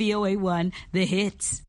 VOA1 The Hits.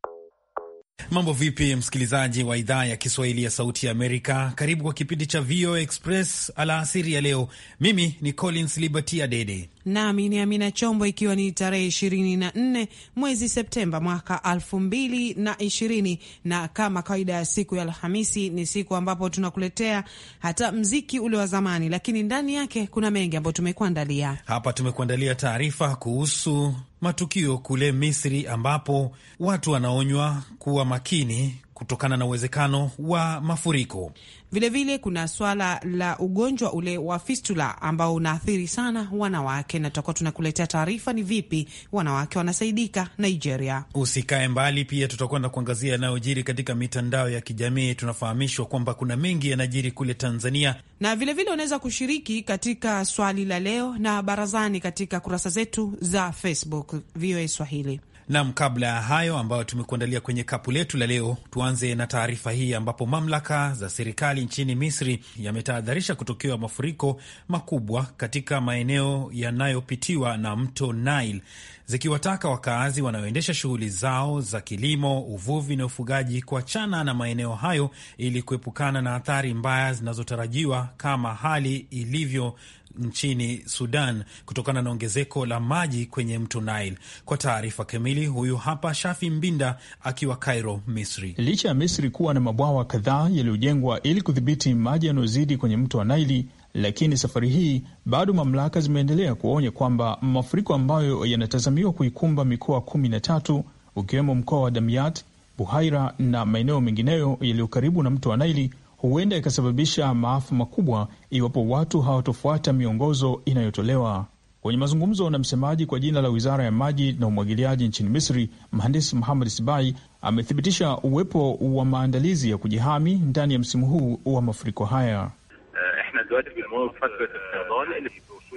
Mambo vipi, msikilizaji wa idhaa ya Kiswahili ya Sauti ya Amerika? Karibu kwa kipindi cha VOA Express alaasiri ya leo. Mimi ni Collins Liberty Adede nami ni Amina Chombo, ikiwa ni tarehe ishirini na nne mwezi Septemba mwaka alfu mbili na ishirini na kama kawaida ya siku ya Alhamisi ni siku ambapo tunakuletea hata mziki ule wa zamani, lakini ndani yake kuna mengi ambayo tumekuandalia hapa. Tumekuandalia taarifa kuhusu matukio kule Misri ambapo watu wanaonywa kuwa makini kutokana na uwezekano wa mafuriko. Vilevile vile kuna swala la ugonjwa ule wa fistula ambao unaathiri sana wanawake, na tutakuwa tunakuletea taarifa ni vipi wanawake wanasaidika Nigeria. Usikae mbali, pia tutakwenda kuangazia yanayojiri katika mitandao ya kijamii. Tunafahamishwa kwamba kuna mengi yanajiri kule Tanzania, na vilevile unaweza kushiriki katika swali la leo na barazani katika kurasa zetu za Facebook VOA Swahili. Nam, kabla ya hayo ambayo tumekuandalia kwenye kapu letu la leo, tuanze na taarifa hii ambapo mamlaka za serikali nchini Misri yametahadharisha kutokewa mafuriko makubwa katika maeneo yanayopitiwa na mto Nile, zikiwataka wakaazi wanaoendesha shughuli zao za kilimo, uvuvi na ufugaji kuachana na maeneo hayo ili kuepukana na athari mbaya zinazotarajiwa kama hali ilivyo nchini Sudan kutokana na ongezeko la maji kwenye mto Nile. Kwa taarifa kamili, huyu hapa Shafi Mbinda akiwa Cairo, Misri. Licha ya Misri kuwa na mabwawa kadhaa yaliyojengwa ili kudhibiti maji yanayozidi kwenye mto wa Naili, lakini safari hii bado mamlaka zimeendelea kuonya kwamba mafuriko ambayo yanatazamiwa kuikumba mikoa kumi na tatu ukiwemo mkoa wa Damiat, Buhaira na maeneo mengineyo yaliyo karibu na mto wa Naili huenda ikasababisha maafa makubwa iwapo watu hawatofuata miongozo inayotolewa. Kwenye mazungumzo na msemaji kwa jina la wizara ya maji na umwagiliaji nchini Misri, mhandisi Muhamad Sibai amethibitisha uwepo wa maandalizi ya kujihami ndani ya msimu huu wa mafuriko haya.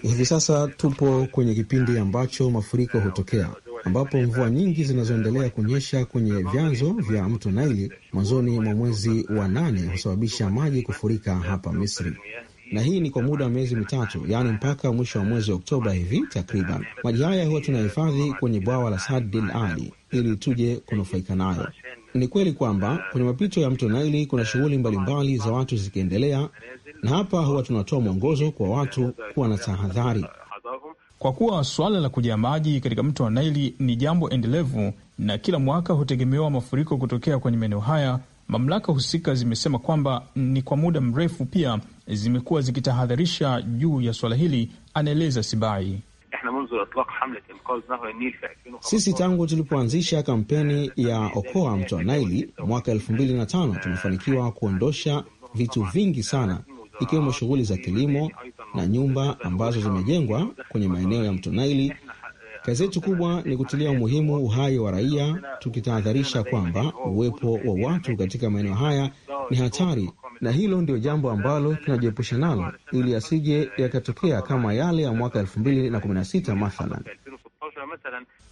Hivi sasa tupo kwenye kipindi ambacho mafuriko hutokea ambapo mvua nyingi zinazoendelea kunyesha kwenye vyanzo vya mto Naili mwanzoni mwa mwezi wa nane husababisha maji kufurika hapa Misri na hii ni kwa muda wa miezi mitatu, yaani mpaka mwisho wa mwezi Oktoba hivi takriban. Maji haya huwa tunahifadhi kwenye bwawa la Saad Din Ali ili tuje kunufaika nayo. Ni kweli kwamba kwenye mapito ya mto Naili kuna shughuli mbalimbali za watu zikiendelea, na hapa huwa tunatoa mwongozo kwa watu kuwa na tahadhari kwa kuwa suala la kujaa maji katika mto wa Naili ni jambo endelevu na kila mwaka hutegemewa mafuriko kutokea kwenye maeneo haya. Mamlaka husika zimesema kwamba ni kwa muda mrefu pia zimekuwa zikitahadharisha juu ya suala hili, anaeleza Sibai. Sisi tangu tulipoanzisha kampeni ya okoa mto wa Naili mwaka elfu mbili na tano tumefanikiwa kuondosha vitu vingi sana ikiwemo shughuli za kilimo na nyumba ambazo zimejengwa kwenye maeneo ya mto Naili. Kazi yetu kubwa ni kutilia umuhimu uhai wa raia, tukitahadharisha kwamba uwepo wa watu katika maeneo haya ni hatari, na hilo ndio jambo ambalo tunajiepusha nalo, ili yasije yakatokea kama yale ya mwaka elfu mbili na kumi sita mathalan.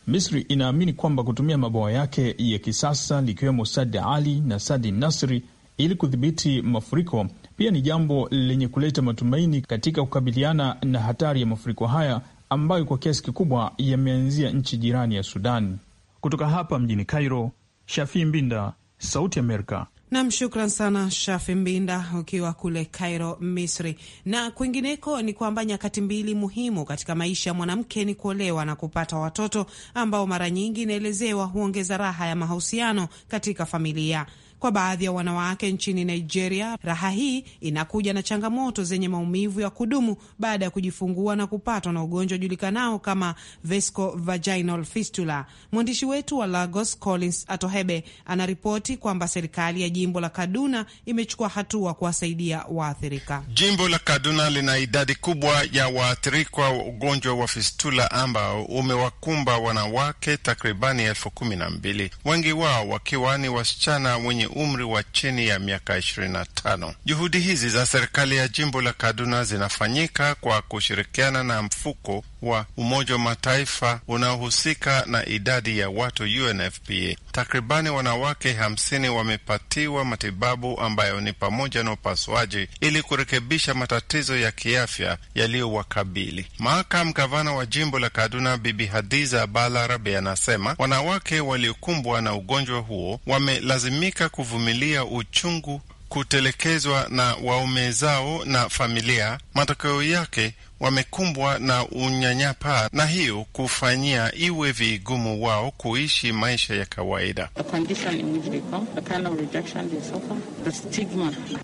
Misri inaamini kwamba kutumia mabawa yake ya kisasa likiwemo Sadi Ali na Sadi Nasri ili kudhibiti mafuriko pia ni jambo lenye kuleta matumaini katika kukabiliana na hatari ya mafuriko haya ambayo kwa kiasi kikubwa yameanzia nchi jirani ya Sudan. Kutoka hapa mjini Cairo, Shafi Mbinda, Sauti Amerika. Nam, shukran sana Shafi Mbinda ukiwa kule Cairo, Misri. Na kwingineko ni kwamba nyakati mbili muhimu katika maisha ya mwanamke ni kuolewa na kupata watoto ambao mara nyingi inaelezewa huongeza raha ya mahusiano katika familia kwa baadhi ya wanawake nchini Nigeria. Raha hii inakuja na changamoto zenye maumivu ya kudumu baada ya kujifungua na kupatwa na ugonjwa ujulikanao kama vescovaginal fistula. Mwandishi wetu wa Lagos Collins Atohebe anaripoti kwamba serikali ya jimbo la Kaduna imechukua hatua kuwasaidia waathirika. Jimbo la Kaduna lina idadi kubwa ya waathirikwa wa ugonjwa wa fistula ambao umewakumba wanawake takribani elfu kumi na mbili, wengi wao wakiwa ni wasichana wenye umri wa chini ya miaka 25. Juhudi hizi za serikali ya jimbo la Kaduna zinafanyika kwa kushirikiana na mfuko wa Umoja wa Mataifa unaohusika na idadi ya watu UNFPA. Takribani wanawake hamsini wamepatiwa matibabu ambayo ni pamoja na upasuaji ili kurekebisha matatizo ya kiafya yaliyowakabili. Makamu gavana wa jimbo la Kaduna Bibi Hadiza Balarabi anasema wanawake waliokumbwa na ugonjwa huo wamelazimika ku kuvumilia uchungu, kutelekezwa na waume zao na familia, matokeo yake wamekumbwa na unyanyapaa na hiyo kufanyia iwe vigumu wao kuishi maisha ya kawaida.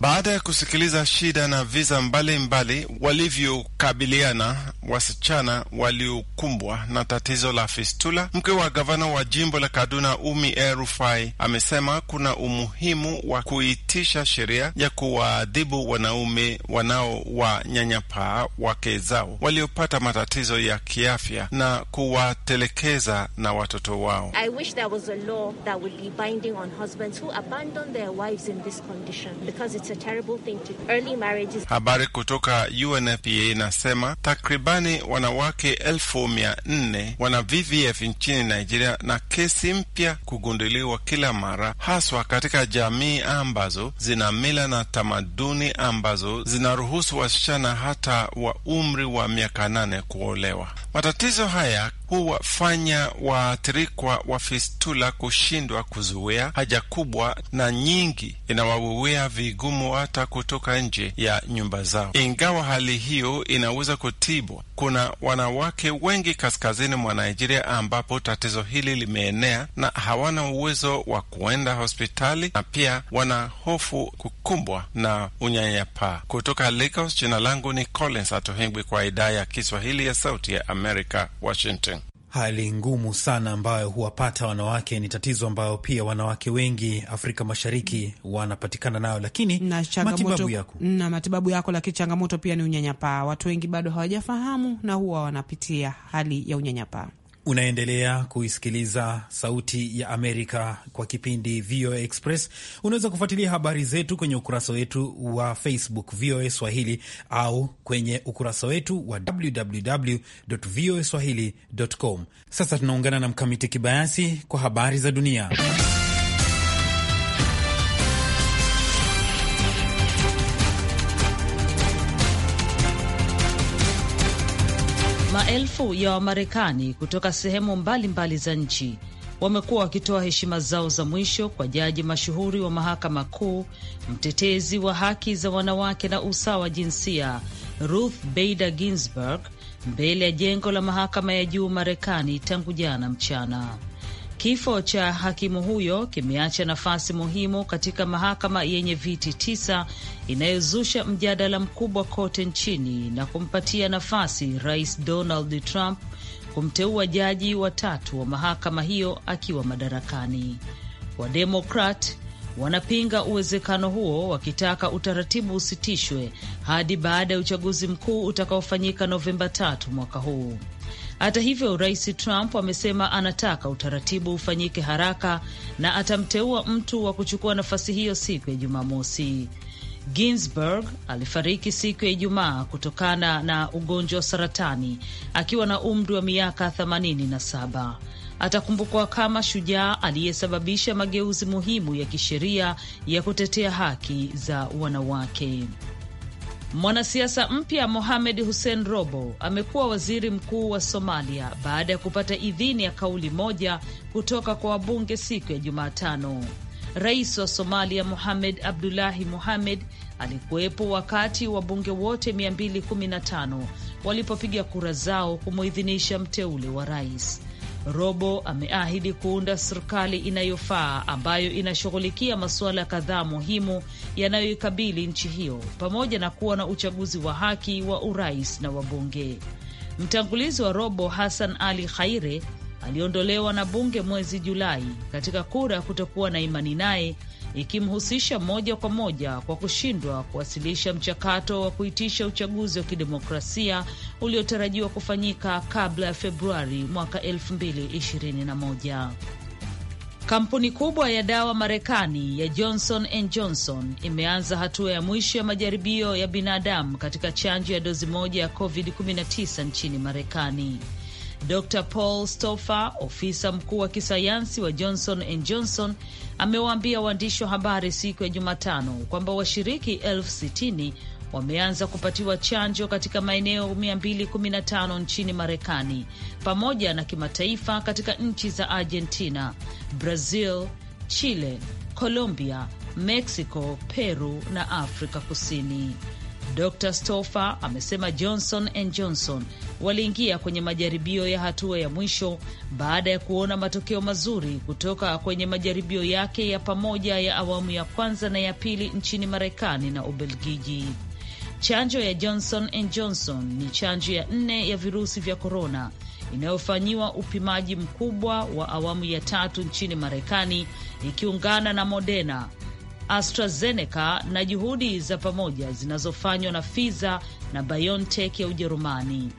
Baada ya kusikiliza shida na visa mbalimbali walivyokabiliana wasichana waliokumbwa na tatizo la fistula, mke wa gavana wa jimbo la Kaduna Umi e. rufai amesema kuna umuhimu wa kuitisha sheria ya kuwaadhibu wanaume wanaowanyanyapaa wake wenzao waliopata matatizo ya kiafya na kuwatelekeza na watoto wao. Habari kutoka UNFPA inasema takribani wanawake elfu mia nne wana VVF nchini Nigeria na kesi mpya kugunduliwa kila mara, haswa katika jamii ambazo zina mila na tamaduni ambazo zinaruhusu wasichana hata wa umri umri wa miaka nane kuolewa. Matatizo haya huwafanya waathirikwa wa fistula kushindwa kuzuia haja kubwa na nyingi inawawuwia vigumu hata kutoka nje ya nyumba zao. Ingawa hali hiyo inaweza kutibwa, kuna wanawake wengi kaskazini mwa Nigeria ambapo tatizo hili limeenea na hawana uwezo wa kuenda hospitali na pia wana hofu kukumbwa na unyanyapaa. Kutoka Lagos, jina langu ni Collins Atohengwi kwa idhaa ya Kiswahili ya Sauti ya Amerika. Amerika, Washington. Hali ngumu sana ambayo huwapata wanawake ni tatizo ambayo pia wanawake wengi Afrika Mashariki wanapatikana nayo, lakini na matibabu yako na matibabu yako. Lakini changamoto pia ni unyanyapaa, watu wengi bado hawajafahamu na huwa wanapitia hali ya unyanyapaa. Unaendelea kuisikiliza Sauti ya Amerika kwa kipindi VOA Express. Unaweza kufuatilia habari zetu kwenye ukurasa wetu wa Facebook VOA Swahili au kwenye ukurasa wetu wa www voa swahili com. Sasa tunaungana na Mkamiti Kibayasi kwa habari za dunia. Maelfu ya Wamarekani kutoka sehemu mbalimbali mbali za nchi wamekuwa wakitoa heshima zao za mwisho kwa jaji mashuhuri wa mahakama kuu, mtetezi wa haki za wanawake na usawa jinsia Ruth Bader Ginsburg mbele ya jengo la mahakama ya juu Marekani tangu jana mchana. Kifo cha hakimu huyo kimeacha nafasi muhimu katika mahakama yenye viti tisa inayozusha mjadala mkubwa kote nchini na kumpatia nafasi Rais Donald Trump kumteua jaji watatu wa mahakama hiyo akiwa madarakani. Wademokrat wanapinga uwezekano huo wakitaka utaratibu usitishwe hadi baada ya uchaguzi mkuu utakaofanyika Novemba tatu mwaka huu. Hata hivyo, Rais Trump amesema anataka utaratibu ufanyike haraka na atamteua mtu wa kuchukua nafasi hiyo siku ya Jumamosi. Ginsburg alifariki siku ya Ijumaa kutokana na ugonjwa wa saratani akiwa na umri wa miaka 87. Atakumbukwa kama shujaa aliyesababisha mageuzi muhimu ya kisheria ya kutetea haki za wanawake. Mwanasiasa mpya Mohamed Hussein Robo amekuwa waziri mkuu wa Somalia baada ya kupata idhini ya kauli moja kutoka kwa wabunge siku ya Jumatano. Rais wa Somalia Mohamed Abdullahi Mohamed alikuwepo wakati wabunge wote 215 walipopiga kura zao kumwidhinisha mteule wa rais. Robo ameahidi kuunda serikali inayofaa ambayo inashughulikia masuala kadhaa muhimu yanayoikabili nchi hiyo pamoja na kuwa na uchaguzi wa haki wa urais na wabunge. Mtangulizi wa Robo Hassan Ali Khaire aliondolewa na bunge mwezi Julai katika kura ya kutokuwa na imani naye ikimhusisha moja kwa moja kwa kushindwa kuwasilisha mchakato wa kuitisha uchaguzi wa kidemokrasia uliotarajiwa kufanyika kabla ya Februari mwaka 2021. Kampuni kubwa ya dawa Marekani ya Johnson and Johnson imeanza hatua ya mwisho ya majaribio ya binadamu katika chanjo ya dozi moja ya COVID-19 nchini Marekani. Dr Paul Stofer, ofisa mkuu wa kisayansi wa Johnson and Johnson, amewaambia waandishi wa habari siku ya Jumatano kwamba washiriki elfu sitini wameanza kupatiwa chanjo katika maeneo 215 nchini Marekani pamoja na kimataifa katika nchi za Argentina, Brazil, Chile, Colombia, Mexico, Peru na Afrika Kusini. Dr Stofer amesema Johnson and Johnson waliingia kwenye majaribio ya hatua ya mwisho baada ya kuona matokeo mazuri kutoka kwenye majaribio yake ya pamoja ya awamu ya kwanza na ya pili nchini Marekani na Ubelgiji. Chanjo ya Johnson and Johnson ni chanjo ya nne ya virusi vya korona inayofanyiwa upimaji mkubwa wa awamu ya tatu nchini Marekani, ikiungana na Moderna, AstraZeneca na juhudi za pamoja zinazofanywa na Pfizer na BioNTech ya Ujerumani.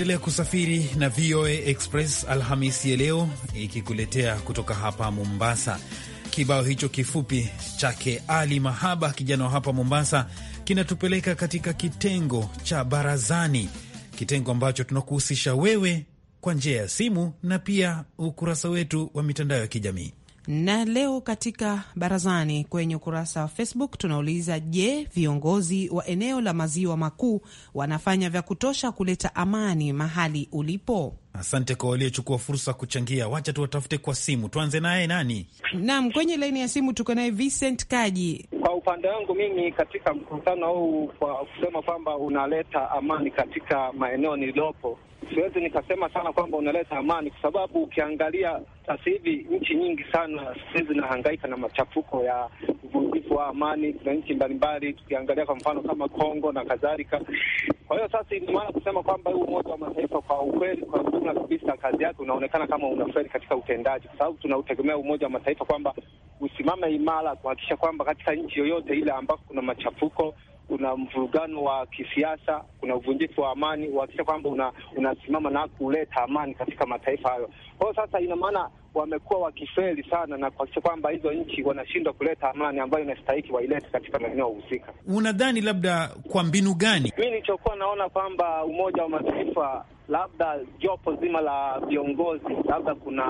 Unaendelea kusafiri na VOA Express Alhamisi ya leo ikikuletea kutoka hapa Mombasa. Kibao hicho kifupi chake Ali Mahaba, kijana wa hapa Mombasa, kinatupeleka katika kitengo cha barazani, kitengo ambacho tunakuhusisha wewe kwa njia ya simu na pia ukurasa wetu wa mitandao ya kijamii. Na leo katika barazani kwenye ukurasa wa Facebook tunauliza, je, viongozi wa eneo la maziwa makuu wanafanya vya kutosha kuleta amani mahali ulipo? Asante kwa waliochukua fursa kuchangia. Wacha tuwatafute kwa simu. Tuanze naye nani? Naam, kwenye laini ya simu tuko naye Vincent Kaji. Kwa upande wangu mimi, katika mkutano huu, kwa kusema kwamba unaleta amani katika maeneo niliyopo, siwezi nikasema sana kwamba unaleta amani, kwa sababu ukiangalia sasa hivi nchi nyingi sana sihizi zinahangaika na machafuko ya uvunjifu wa amani. Kuna nchi mbalimbali, tukiangalia kwa mfano kama Kongo na kadhalika. Kwa hiyo sasa, ndio maana kusema kwamba huu Umoja wa Mataifa kwa ukweli, kwa huna kabisa kazi yake, unaonekana kama unafeli katika utendaji, kwa sababu tunautegemea Umoja wa Mataifa kwamba usimame imara kuhakikisha kwamba katika nchi yoyote ile ambako kuna machafuko kuna mvurugano wa kisiasa, kuna uvunjifu wa amani, uhakikisha kwamba una, unasimama na kuleta amani katika mataifa hayo. Kwa hiyo sasa, ina maana wamekuwa wakifeli sana na kuhakikisha kwamba hizo nchi wanashindwa kuleta amani ambayo inastahiki wailete katika maeneo husika. Unadhani labda kwa mbinu gani? Mi nilichokuwa naona kwamba Umoja wa Mataifa labda jopo zima la viongozi labda kuna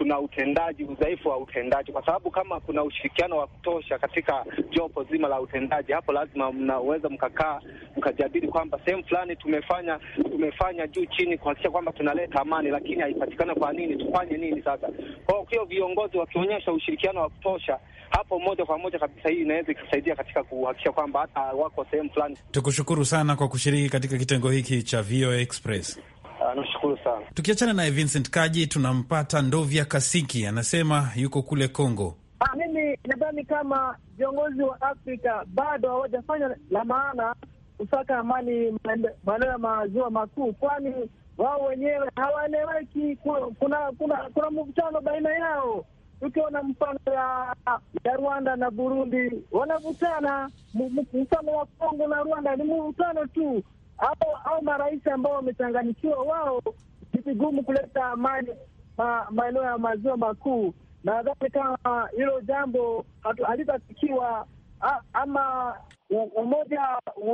kuna utendaji, udhaifu wa utendaji, kwa sababu kama kuna ushirikiano wa kutosha katika jopo zima la utendaji, hapo lazima mnaweza mkakaa mkajadili kwamba sehemu fulani tumefanya tumefanya juu chini kuhakikisha kwamba tunaleta amani, lakini haipatikana. Kwa nini? Tufanye nini sasa? Kwa hiyo viongozi wakionyesha ushirikiano wa kutosha, hapo moja kwa moja kabisa, hii inaweza ikasaidia katika kuhakikisha kwamba hata wako sehemu fulani. Tukushukuru sana kwa kushiriki katika kitengo hiki cha VOA Express. Ah, Nashukuru sana. Tukiachana naye Vincent Kaji, tunampata Ndovya Kasiki, anasema yuko kule Kongo. Ah, mimi nadhani kama viongozi wa Afrika bado hawajafanya la maana kusaka amani maeneo ya maziwa makuu, kwani wao wenyewe hawaeleweki. Kuna kuna kuna mvutano baina yao. Tukiona mfano ya, ya Rwanda na Burundi wanavutana, mfano wa Kongo na Rwanda ni mvutano tu au au marais ambao wamechanganyikiwa wao, ni vigumu kuleta amani maeneo ya maziwa makuu. Nadhani kama hilo jambo halitafikiwa ama umoja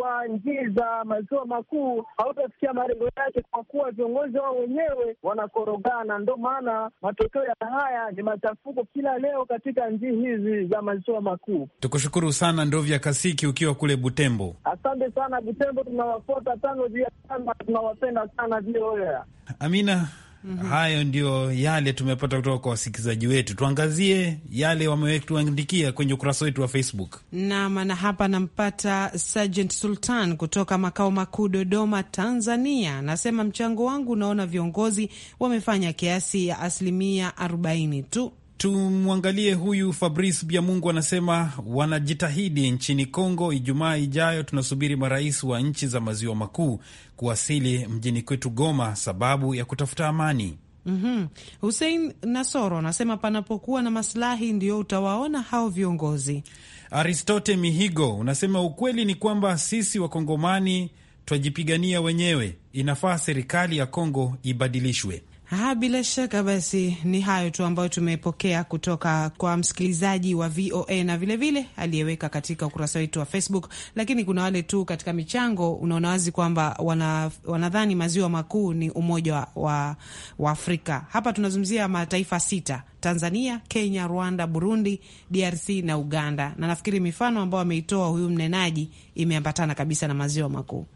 wa njii za maziwa makuu hautafikia malengo yake kwa kuwa viongozi wao wenyewe wanakorogana. Ndo maana matokeo ya haya ni machafuko kila leo katika njii hizi za maziwa makuu. Tukushukuru sana Ndovya Kasiki ukiwa kule Butembo. Asante sana Butembo, tunawafota tano juu ya tano, tunawapenda sana vioya Amina. Mm -hmm. Hayo ndio yale tumepata kutoka kwa wasikilizaji wetu. Tuangazie yale wametuandikia kwenye ukurasa wetu wa Facebook. Naam, na hapa nampata Sergeant Sultan kutoka makao makuu Dodoma, Tanzania. Anasema mchango wangu, naona viongozi wamefanya kiasi ya asilimia 40 tu Tumwangalie huyu Fabrice Biamungu anasema wanajitahidi nchini Kongo. Ijumaa ijayo tunasubiri marais wa nchi za maziwa makuu kuwasili mjini kwetu Goma sababu ya kutafuta amani. Mm -hmm. Hussein Nasoro anasema panapokuwa na masilahi ndio utawaona hao viongozi. Aristote Mihigo unasema ukweli ni kwamba sisi Wakongomani twajipigania wenyewe, inafaa serikali ya Kongo ibadilishwe. Ha, bila shaka basi ni hayo tu ambayo tumepokea kutoka kwa msikilizaji wa VOA na vilevile aliyeweka katika ukurasa wetu wa Facebook. Lakini kuna wale tu katika michango, unaona wazi kwamba wana, wanadhani maziwa makuu ni umoja wa, wa Afrika. Hapa tunazungumzia mataifa sita: Tanzania, Kenya, Rwanda, Burundi, DRC na Uganda, na nafikiri mifano ambayo ameitoa huyu mnenaji imeambatana kabisa na maziwa makuu.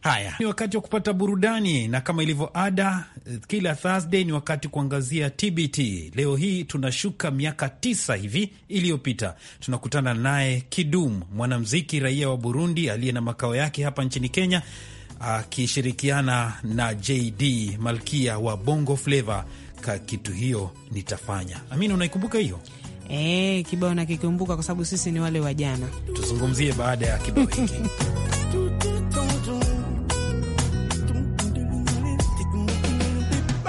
Haya ni wakati wa kupata burudani, na kama ilivyo ada, eh, kila Thursday ni wakati kuangazia TBT. Leo hii tunashuka miaka tisa hivi iliyopita, tunakutana naye Kidum, mwanamuziki raia wa Burundi aliye na makao yake hapa nchini Kenya, akishirikiana na JD Malkia wa Bongo Flava ka kitu hiyo nitafanya. Amina, unaikumbuka hiyo? E, kibao nakikumbuka kwa sababu sisi ni wale wa jana. Tuzungumzie baada ya kibao hiki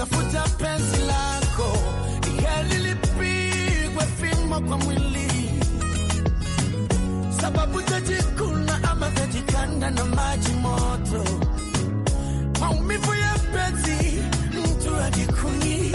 tafuta penzi lako, hali lipigwe fimbo kwa mwili, sababu tajikuna ama tajikanda na maji moto, maumivu ya penzi mtu ajikuni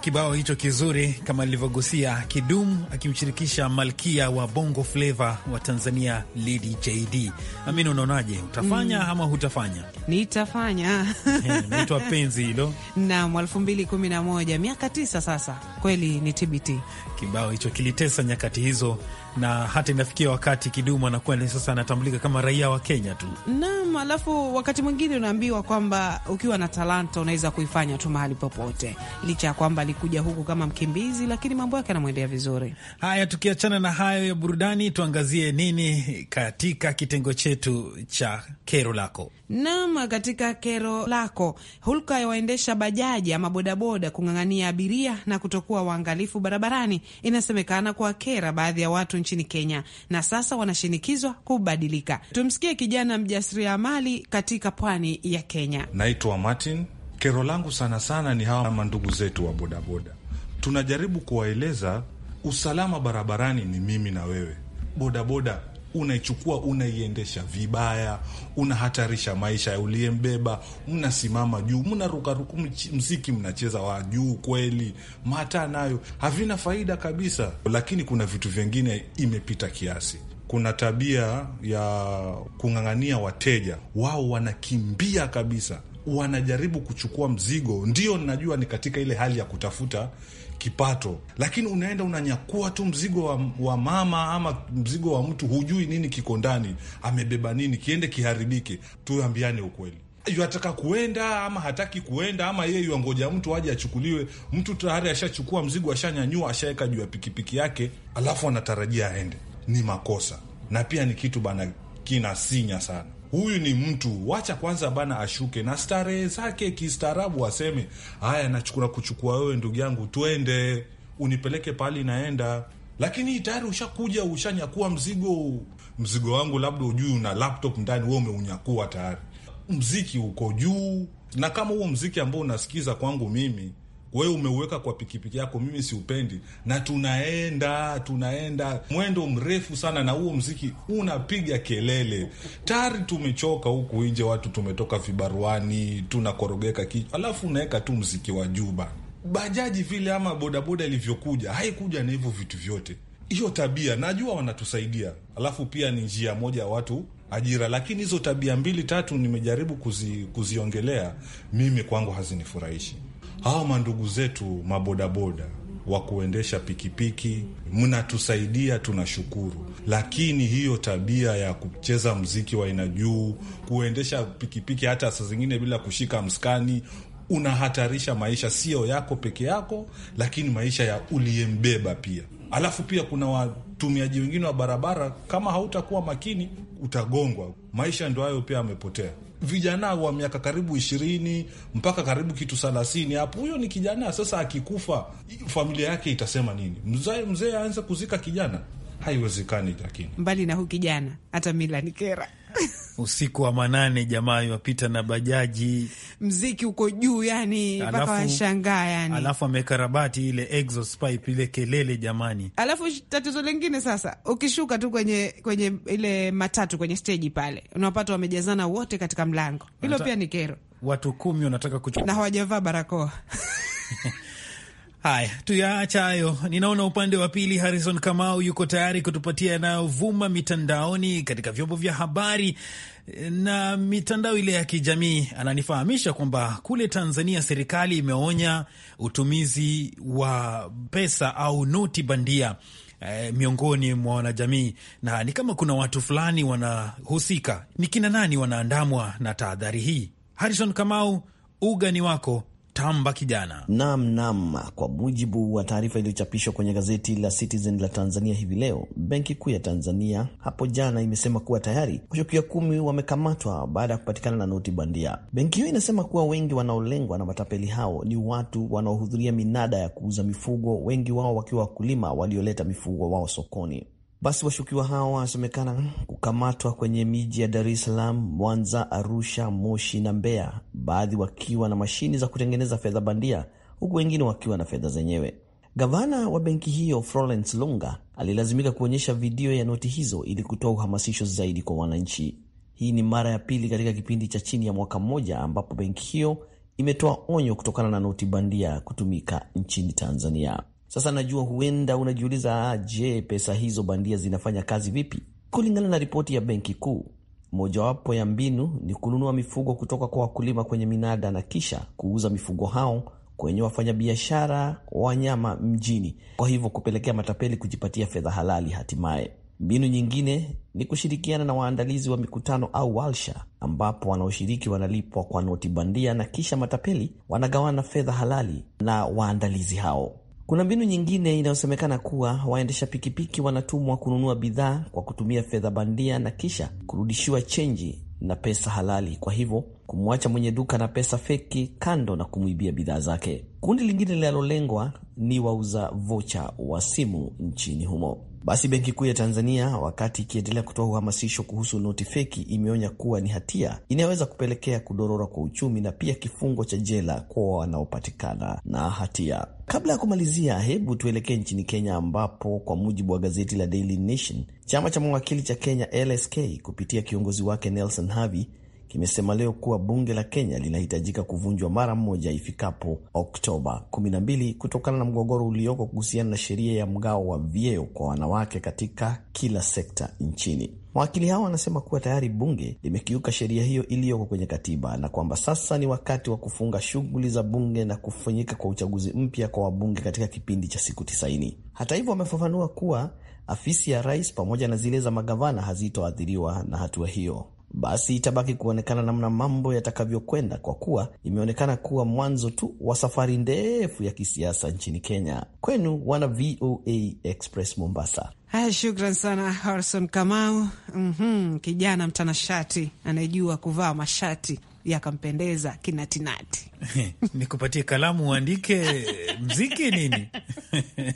kibao hicho kizuri kama nilivyogusia, Kidum akimshirikisha malkia wa bongo fleva wa Tanzania Lady JD. Amin, unaonaje, utafanya mm, ama hutafanya? Nitafanya. Naitwa penzi hilo. nam elfu mbili kumi na moja miaka tisa sasa kweli ni TBT. Kibao hicho kilitesa nyakati hizo, na hata inafikia wakati Kidumu anakuwa ni sasa anatambulika kama raia wa Kenya tu. Naam, alafu wakati mwingine unaambiwa kwamba ukiwa na talanta unaweza kuifanya tu mahali popote, licha ya kwamba alikuja huku kama mkimbizi, lakini mambo yake anamwendea vizuri. Haya, tukiachana na hayo ya burudani, tuangazie nini katika kitengo chetu cha kero lako. Naam, katika kero lako, hulka ya waendesha bajaji ama bodaboda kung'ang'ania abiria na kutoku kuwa waangalifu barabarani inasemekana kuwakera baadhi ya watu nchini Kenya, na sasa wanashinikizwa kubadilika. Tumsikie kijana mjasiriamali katika pwani ya Kenya. Naitwa Martin. Kero langu sana sana ni hawa mandugu zetu wa bodaboda. Tunajaribu kuwaeleza usalama barabarani ni mimi na wewe bodaboda unaichukua unaiendesha vibaya, unahatarisha maisha ya uliyembeba. Mnasimama juu, mnarukaruku, mziki mnacheza wa juu kweli, mata nayo havina faida kabisa. Lakini kuna vitu vingine imepita kiasi. Kuna tabia ya kung'ang'ania wateja, wao wanakimbia kabisa, wanajaribu kuchukua mzigo. Ndio najua ni katika ile hali ya kutafuta kipato, lakini unaenda unanyakua tu mzigo wa, wa mama ama mzigo wa mtu, hujui nini kiko ndani, amebeba nini, kiende kiharibike. Tuambiane ukweli yuataka kuenda ama hataki kuenda, ama yeye yuangoja mtu aje achukuliwe. Mtu tayari ashachukua mzigo, ashanyanyua, ashaweka juu ya pikipiki yake, alafu anatarajia aende. Ni makosa na pia ni kitu bana kinasinya sana huyu ni mtu, wacha kwanza bana ashuke na starehe zake kistaarabu, aseme haya, nachukua kuchukua wewe ndugu yangu, twende unipeleke pahali naenda. Lakini tayari ushakuja ushanyakua mzigo, mzigo wangu labda ujui una laptop ndani, we umeunyakua tayari, mziki uko juu. Na kama huo mziki ambao unasikiza kwangu mimi wewe umeuweka kwa pikipiki yako, mimi siupendi, na tunaenda tunaenda mwendo mrefu sana, na huo mziki unapiga kelele tari, tumechoka huku nje, watu tumetoka vibaruani, tunakorogeka kichwa, alafu unaweka tu mziki wa juba bajaji vile ama bodaboda ilivyokuja, haikuja na hivyo vitu vyote, hiyo tabia. Najua wanatusaidia, alafu pia ni njia moja ya watu ajira, lakini hizo tabia mbili tatu nimejaribu kuzi, kuziongelea, mimi kwangu hazinifurahishi hawa mandugu zetu mabodaboda wa kuendesha pikipiki, mnatusaidia, tunashukuru. Lakini hiyo tabia ya kucheza mziki wa aina juu, kuendesha pikipiki hata saa zingine bila kushika mskani, unahatarisha maisha, sio yako peke yako, lakini maisha ya uliyembeba pia. Alafu pia kuna watumiaji wengine wa barabara, kama hautakuwa makini utagongwa. Maisha ndo hayo pia amepotea vijana wa miaka karibu ishirini mpaka karibu kitu thelathini hapo. Huyo ni kijana sasa, akikufa familia yake itasema nini? Mzee mzee aanze kuzika kijana? haiwezekani. Lakini mbali na huu kijana, hata mila ni kera usiku wa manane jamaa iwapita na bajaji, mziki uko juu, yani mpaka washangaa yani. Alafu amekarabati ile exhaust pipe ile kelele jamani. Alafu tatizo lingine sasa, ukishuka tu kwenye kwenye ile matatu kwenye steji pale, unapata wamejazana wote katika mlango, hilo pia ni kero. Watu kumi wanataka kuchukua na hawajavaa barakoa Haya, tuyaacha hayo. Ninaona upande wa pili Harrison Kamau yuko tayari kutupatia yanayovuma mitandaoni katika vyombo vya habari na mitandao ile ya kijamii. Ananifahamisha kwamba kule Tanzania serikali imeonya utumizi wa pesa au noti bandia eh, miongoni mwa wanajamii, na ni kama kuna watu fulani wanahusika. Ni kina nani wanaandamwa na tahadhari hii? Harrison Kamau, uga ni wako. Tamba kijana. Naam, naam. Kwa mujibu wa taarifa iliyochapishwa kwenye gazeti la Citizen la Tanzania hivi leo, Benki Kuu ya Tanzania hapo jana imesema kuwa tayari washukiwa kumi wamekamatwa baada ya kupatikana na noti bandia. Benki hiyo inasema kuwa wengi wanaolengwa na matapeli hao ni watu wanaohudhuria minada ya kuuza mifugo, wengi wao wakiwa wakulima walioleta mifugo wao sokoni. Basi washukiwa hao wanasemekana kukamatwa kwenye miji ya Dar es Salaam, Mwanza, Arusha, Moshi na Mbeya, baadhi wakiwa na mashini za kutengeneza fedha bandia, huku wengine wakiwa na fedha zenyewe. Gavana wa benki hiyo Florence Lunga alilazimika kuonyesha video ya noti hizo ili kutoa uhamasisho zaidi kwa wananchi. Hii ni mara ya pili katika kipindi cha chini ya mwaka mmoja ambapo benki hiyo imetoa onyo kutokana na noti bandia kutumika nchini Tanzania. Sasa najua huenda unajiuliza, ah, je, pesa hizo bandia zinafanya kazi vipi? Kulingana na ripoti ya benki kuu, mojawapo ya mbinu ni kununua mifugo kutoka kwa wakulima kwenye minada na kisha kuuza mifugo hao kwenye wafanyabiashara wa wanyama mjini, kwa hivyo kupelekea matapeli kujipatia fedha halali hatimaye. Mbinu nyingine ni kushirikiana na waandalizi wa mikutano au walsha, ambapo wanaoshiriki wanalipwa kwa noti bandia na kisha matapeli wanagawana fedha halali na waandalizi hao. Kuna mbinu nyingine inayosemekana kuwa waendesha pikipiki wanatumwa kununua bidhaa kwa kutumia fedha bandia na kisha kurudishiwa chenji na pesa halali, kwa hivyo kumwacha mwenye duka na pesa feki kando na kumwibia bidhaa zake. Kundi lingine linalolengwa ni wauza vocha wa simu nchini humo. Basi Benki Kuu ya Tanzania, wakati ikiendelea kutoa uhamasisho kuhusu noti feki, imeonya kuwa ni hatia inayoweza kupelekea kudorora kwa uchumi na pia kifungo cha jela kwa wanaopatikana na hatia. Kabla ya kumalizia, hebu tuelekee nchini Kenya, ambapo kwa mujibu wa gazeti la Daily Nation, chama cha mawakili cha Kenya LSK kupitia kiongozi wake Nelson Havi kimesema leo kuwa bunge la Kenya linahitajika kuvunjwa mara mmoja ifikapo Oktoba 12 kutokana na mgogoro ulioko kuhusiana na sheria ya mgao wa vyeo kwa wanawake katika kila sekta nchini. Mawakili hao wanasema kuwa tayari bunge limekiuka sheria hiyo iliyoko kwenye katiba na kwamba sasa ni wakati wa kufunga shughuli za bunge na kufanyika kwa uchaguzi mpya kwa wabunge katika kipindi cha siku 90. Hata hivyo, wamefafanua kuwa afisi ya rais pamoja na zile za magavana hazitoathiriwa na hatua hiyo basi itabaki kuonekana namna mambo yatakavyokwenda, kwa kuwa imeonekana kuwa mwanzo tu wa safari ndefu ya kisiasa nchini Kenya. Kwenu wana VOA Express Mombasa. Haya, shukran sana Harison Kamau. mm -hmm, kijana mtanashati anayejua kuvaa mashati yakampendeza kinatinati. Nikupatie kalamu uandike mziki nini?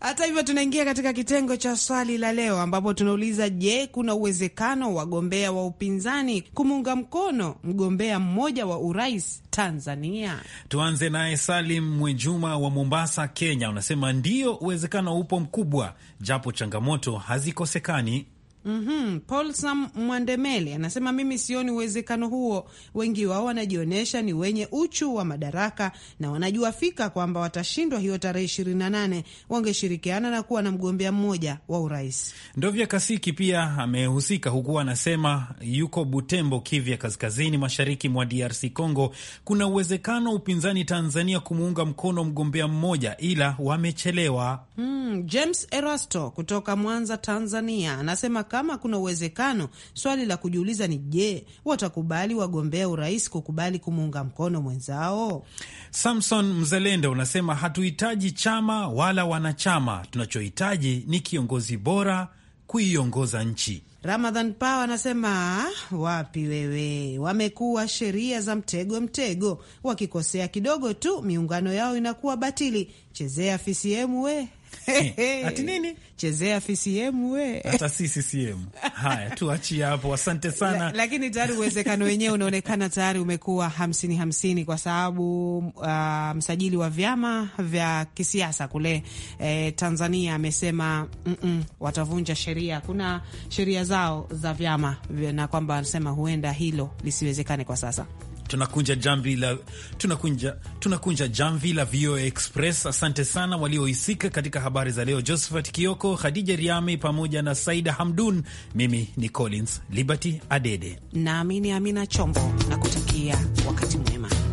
Hata hivyo tunaingia katika kitengo cha swali la leo, ambapo tunauliza je, kuna uwezekano wagombea wa upinzani kumuunga mkono mgombea mmoja wa urais Tanzania? Tuanze naye Salim mwejuma wa Mombasa, Kenya, unasema ndiyo, uwezekano upo mkubwa, japo changamoto hazikosekani. Mm -hmm. Paul Sam Mwandemele anasema mimi sioni uwezekano huo. Wengi wao wanajionyesha ni wenye uchu wa madaraka na wanajua fika kwamba watashindwa hiyo tarehe 28, wangeshirikiana na kuwa na mgombea mmoja wa urais. Ndovya Kasiki pia amehusika huku anasema yuko Butembo, Kivya kaskazini mashariki mwa DRC Congo. Kuna uwezekano upinzani Tanzania kumuunga mkono mgombea mmoja, ila wamechelewa. Mm, James Erasto kutoka Mwanza, Tanzania anasema kama kuna uwezekano, swali la kujiuliza ni je, watakubali wagombea urais kukubali kumuunga mkono mwenzao? Samson Mzalendo unasema hatuhitaji chama wala wanachama, tunachohitaji ni kiongozi bora kuiongoza nchi. Ramadhan Pawa anasema wapi wewe, wamekuwa sheria za mtego mtego, wakikosea kidogo tu miungano yao inakuwa batili. Chezea fisiemu we nini? Chezea CCM we. Hata si CCM. Haya, tuachie hapo. Asante sana. La, lakini tayari uwezekano wenyewe unaonekana tayari umekuwa hamsini hamsini kwa sababu uh, msajili wa vyama vya kisiasa kule eh, Tanzania amesema mm -mm, watavunja sheria. Kuna sheria zao za vyama na kwamba anasema huenda hilo lisiwezekane kwa sasa. Tunakunja jamvi la tunakunja, tunakunja jamvi la VOA Express. Asante sana waliohisika katika habari za leo, Josephat Kioko, Khadija Riami pamoja na Saida Hamdun. Mimi ni Collins Liberty Adede nami ni Amina Chombo na kutakia wakati mwema.